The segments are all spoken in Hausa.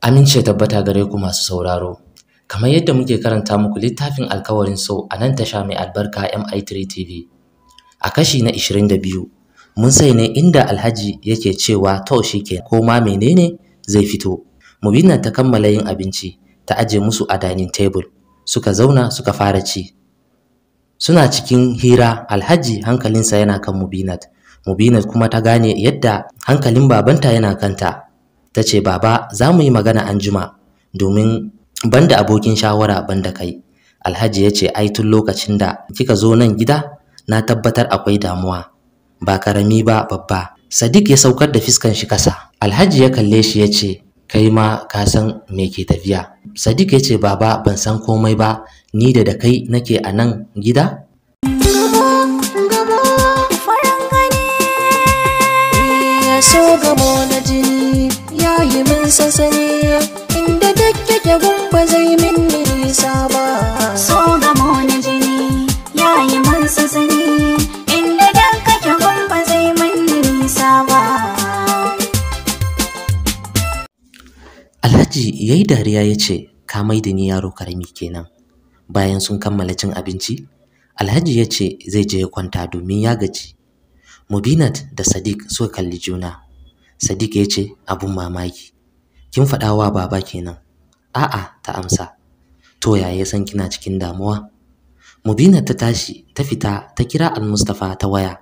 Amince ya tabbata gare ku masu sauraro. Kamar yadda muke karanta muku littafin alkawarin sau a nan tasha mai albarka MI3 TV. A kashi na 22 mun sai ne inda Alhaji yake cewa to ke ko ma menene zai fito. nan ta kammala yin abinci ta aje musu a dining table suka zauna suka fara ci. Suna cikin hira Alhaji hankalinsa yana kan Mubinat Mubina kuma ta gane yadda hankalin babanta yana kanta. Ta ce baba za mu yi magana anjima domin banda abokin shawara banda kai. Alhaji ya ce ai tun lokacin da kika zo nan gida na tabbatar akwai damuwa. Ba karami ba babba. Sadiq ya saukar da fiskan shi kasa. Alhaji ya kalle shi ya ce kai ma ka san me ke tafiya. Sadiq ya ce baba ban san komai ba ni da da kai nake a nan gida samo na jini ya yi min sansani inda duk ke gumba zai min nisa ba jini ya yi min inda zai min ba Alhaji ya yi dariya ya ce, Ka mai da ni yaro karami kenan. Bayan sun kammala cin abinci, Alhaji ya ce zai je ya kwanta domin ya gaji. Mubinat da Sadiq suka kalli juna. Sadiq ya ce abun mamaki. Kin faɗa wa baba kenan. A'a ta amsa. To ya san kina cikin damuwa? Mubina ta tashi ta fita ta kira Al-Mustafa ta waya.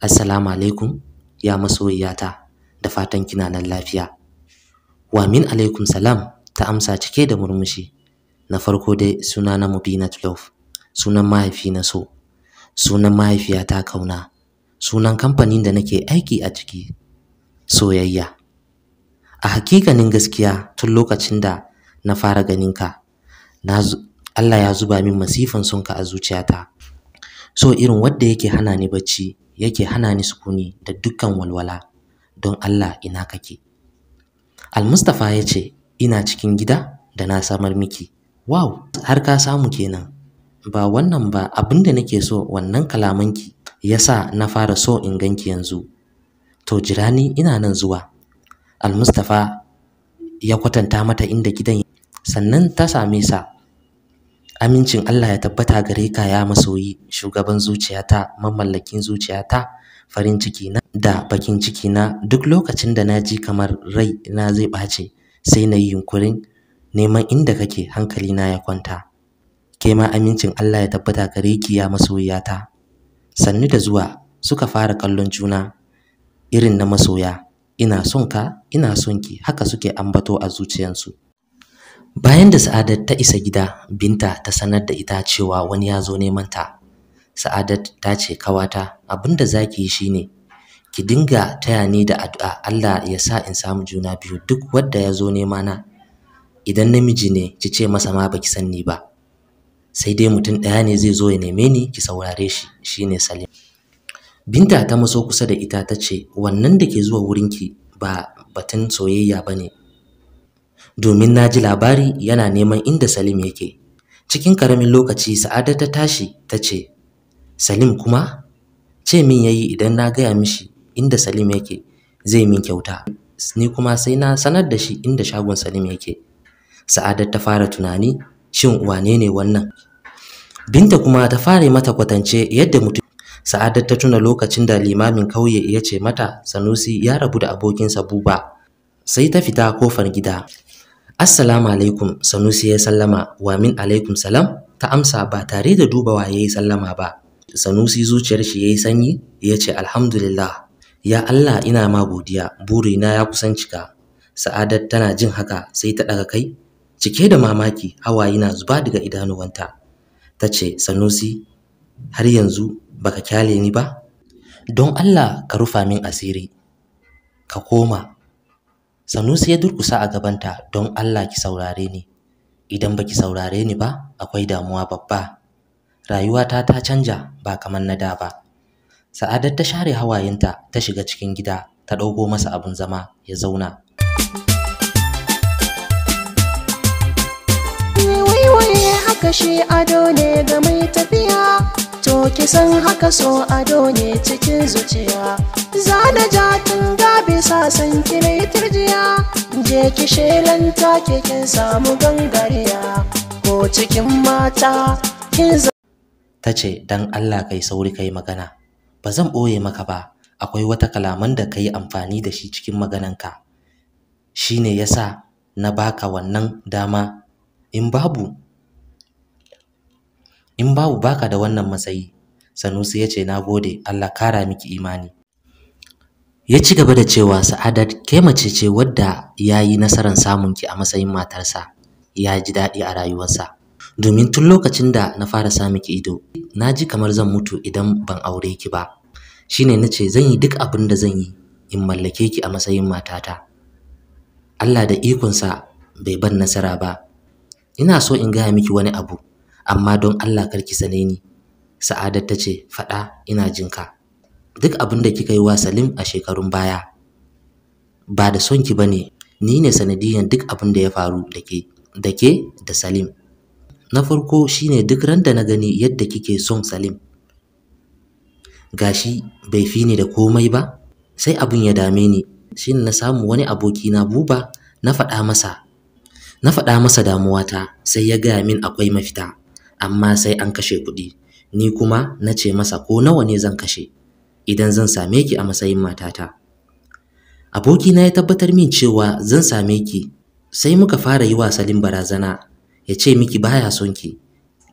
Assalamu alaikum ya masoyiyata da fatan kina nan lafiya. Wa min alaikum salam ta amsa cike da murmushi. Na farko dai suna na Mubina Love, sunan mahaifi na so, sunan ta Kauna, sunan kamfanin da nake aiki a ciki soyayya a hakikanin gaskiya tun lokacin da na fara ganin ka Allah ya zuba min masifan sonka a zuciyata so irin wanda yake hana ni bacci yake hana ni sukuni da dukkan walwala don Allah ina kake Al-Mustafa ya ce ina cikin gida da na samar miki wow har ka samu kenan ba wannan ba abinda nake so wannan kalamanki sa na fara so in ganki yanzu to jira ni ina nan zuwa almustafa ya kwatanta mata inda gidan sannan ta same sa amincin Allah ya tabbata gare ka ya masoyi shugaban zuciyata mamallakin zuciyata farin ciki na da bakin ciki na duk lokacin da na ji kamar rai na zai ɓace sai na yi yunkurin neman inda kake hankali na ya kwanta ke ma amincin Allah ya tabbata gare ki ya masoyiyata sannu da zuwa suka fara kallon juna irin na masoya ina son ka ina son ki haka suke ambato a zuciyansu bayan da sa'adat ta isa gida binta ta sanar da ita cewa wani ya zo neman ta sa'adat ta ce kawata abinda zaki yi shine ki dinga taya ni da addu'a Allah ya sa in samu juna biyu duk wanda ya zo nema na idan namiji ne ki ce masa ma baki san ni ba sai dai mutum ɗaya ne zai zo ya neme ni ki saurare shi shine Salim Binta ta maso kusa da ita ta ce, Wannan da ke zuwa wurin ki ba batun soyayya ba ne. Domin na ji labari yana neman inda Salim yake. Cikin ƙaramin lokaci Sa'ada ta tashi ta ce, Salim kuma? Ce min ya yi idan na gaya mishi inda Salim yake zai min kyauta. Ni kuma sai na sanar da shi inda shagon Salim yake. Sa'ada ta fara tunani, shin wane ne wannan? Binta kuma ta fara mata kwatance yadda mutum Sa'adat ta tuna lokacin da limamin kauye ya ce mata Sanusi ya rabu da abokinsa Buba. Sai ta fita kofar gida. Assalamu alaikum Sanusi ya sallama wa min alaikum salam ta amsa ba tare da dubawa ya yi sallama ba. Sanusi zuciyar shi ya yi sanyi ya ce alhamdulillah ya Allah ina ma godiya burina ya kusan cika. Sa'adat tana jin haka sai ta ɗaga kai cike da mamaki hawaye na zuba daga idanuwanta. Ta ce Sanusi har yanzu baka kyale ni ba don Allah ka rufa min asiri ka koma Sanusi ya durkusa a gabanta don Allah ki saurare ni idan baki saurare ni ba akwai damuwa babba rayuwata ta canja ba kamar na da ba Sa'adat ta share hawayenta ta shiga cikin gida ta ɗauko masa abun zama ya zauna. wai haka shi ado ne ga mai tafi ki san haka so ado ne cikin zuciya Za na ja tun gabi sasan kire turjiya je ki shelanta ke kin samu gangariya ko cikin mata kin ta ce don Allah kai sauri kai magana ba zan ɓoye maka ba akwai wata kalaman da ka yi amfani da shi cikin magananka shi ne ya sa na baka wannan dama in babu in babu baka da wannan matsayi sanusi ya ce na gode allah kara miki imani ya ci gaba da cewa sa'adat ke mace ce wadda ya yi nasarar samun ki a matsayin matarsa ya ji daɗi a rayuwarsa domin tun lokacin da na fara sa ki ido na ji kamar zan mutu idan ban aure ki ba shine na ce zan yi duk abin da zan yi in mallake ki a matsayin matata Allah da ikonsa bai ban nasara ba ina so in gaya miki wani abu amma don Allah kar ki sane ni sa'adat ta ce faɗa ina jinka duk abin da kika yi wa salim a shekarun baya ba da son ki bane ni ne sanadiyan duk abin da ya faru da ke da salim na farko shine duk ran da na gani yadda kike son salim gashi bai fi ni da komai ba sai abin ya dame ni shine na samu wani aboki na buba na faɗa masa na faɗa masa damuwata sai ya gaya min akwai mafita amma sai an kashe kuɗi ni kuma na ce masa ko nawa ne zan kashe idan zan same ki a matsayin matata abokina ya tabbatar min cewa zan same ki sai muka fara yi wa Salim barazana ya ce miki baya son ki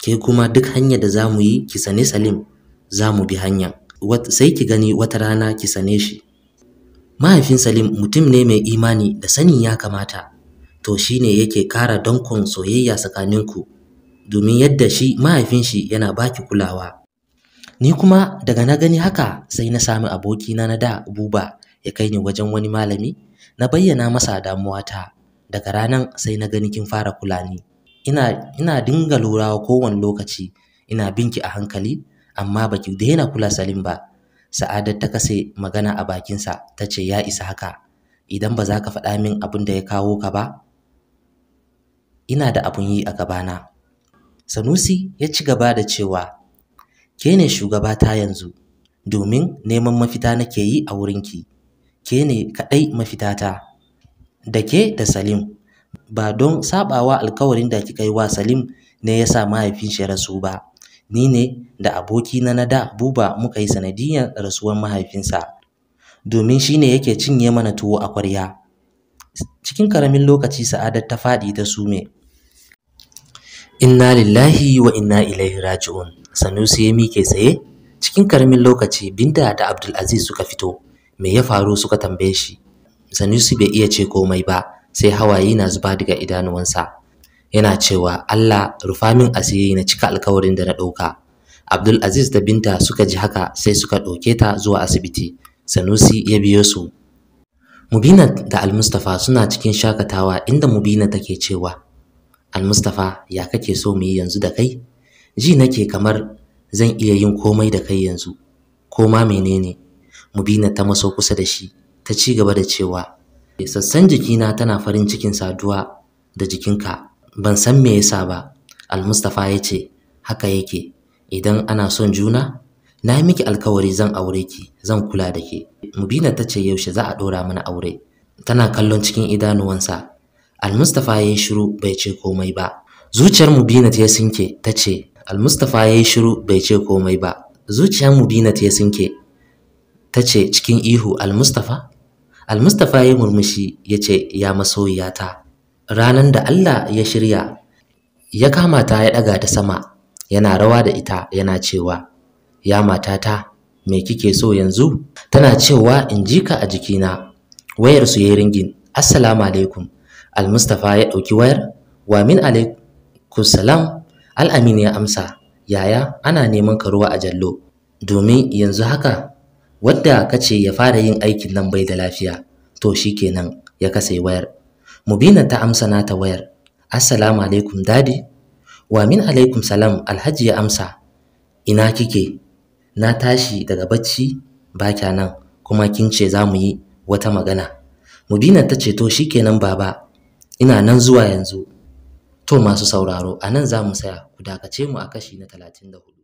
ke kuma duk hanyar da za mu yi ki sane Salim za mu bi hanya sai ki gani wata rana ki sane shi mahaifin Salim mutum ne mai imani da sanin ya kamata to shine yake kara dankon soyayya tsakaninku domin yadda shi mahaifin shi yana baki kulawa ni kuma daga na gani haka sai na sami abokina na da buba ya kai ni wajen wani malami na bayyana masa damuwa ta, daga ranan sai na gani kin fara kula ni ina ina dinga lura kowane lokaci ina binki a hankali amma baki daina kula Salim ba Sa'adat ta kase magana a bakinsa ta ce ya isa haka idan ba za ka faɗa min abin da ya kawo ka ba ina da abun yi a gabana Sanusi ya ci gaba da cewa, Ke ne shugaba ta yanzu, domin neman mafita nake yi a wurinki, ke ne kaɗai mafitata. Da ke da Salim, ba don saɓawa alkawarin da kika yi wa Salim ne ya sa mahaifin shi rasu ba, ni ne da abokina na da buba muka yi sanadiyar rasuwar mahaifinsa, domin shi ne yake cinye mana tuwo a kwarya. Cikin ƙaramin lokaci sa'adar ta faɗi ta sume. Inna lillahi wa inna ilaihi raji'un. Sanusi ya mike tsaye cikin karamin lokaci Binta da Abdulaziz suka fito. Me ya faru suka tambaye shi? Sanusi bai iya ce komai ba sai hawaye na zuba daga idanuwansa. Yana cewa Allah rufa min asiri na cika alkawarin da na ɗauka. Abdulaziz da Binta suka ji haka sai suka ɗauke ta zuwa asibiti. Sanusi ya biyo su. Mubinat da Almustafa suna cikin shakatawa inda Mubina take cewa Almustapha ya kake so mu yi yanzu da kai? Ji nake kamar zan iya yin komai da kai yanzu, ko ma menene? Mubina ta maso kusa da shi, ta ci gaba da cewa, sassan jikina tana farin cikin saduwa da jikinka, ban san me yasa ba. Almustapha ya ce, haka yake, idan ana son juna, na yi miki alkawari zan aure ki, zan kula da ke. Mubina ta ce yaushe za a ɗora mana aure. Tana kallon cikin idanuwansa Almustapha ya yi shiru bai ce komai ba. Zuciyar Mubinat ya sinke ta ce, Almustapha ya yi shiru bai ce komai ba. Zuciyar Mubinat ya sinke ta ce cikin ihu Almustapha? Almustapha ya yi murmushi ya ce, Ya masoyiyata. Ranar da Allah ya shirya, ya kama ta ya ɗaga ta sama, yana rawa da ita yana cewa, Ya matata, me kike so yanzu? Tana cewa in ji ka a jikina. wayar ya yi ringin, Assalamu alaikum. Almustapha ya ɗauki wayar, wa min salam Al'amin ya amsa, yaya ana neman ka ruwa a jallo, domin yanzu haka wadda ka ce ya fara yin aikin nan bai da lafiya, to shi kenan ya kasa wayar. Mubina ta amsa nata wayar, Assalamu alaikum dadi, wa min alaikum salam alhaji ya amsa, ina kike, na tashi daga bacci ba nan kuma kin ce za mu yi wata magana. Mubina ta ce to shi kenan baba, ina nan zuwa yanzu to masu sauraro a nan za mu saya ku dakace mu a kashi na talatin da hudu